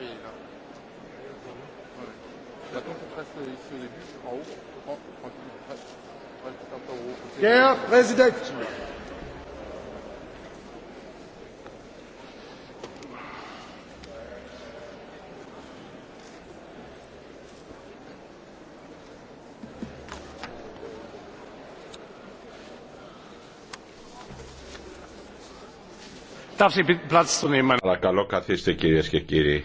et là. Παρακαλώ καθίστε κυρίες και κύριοι.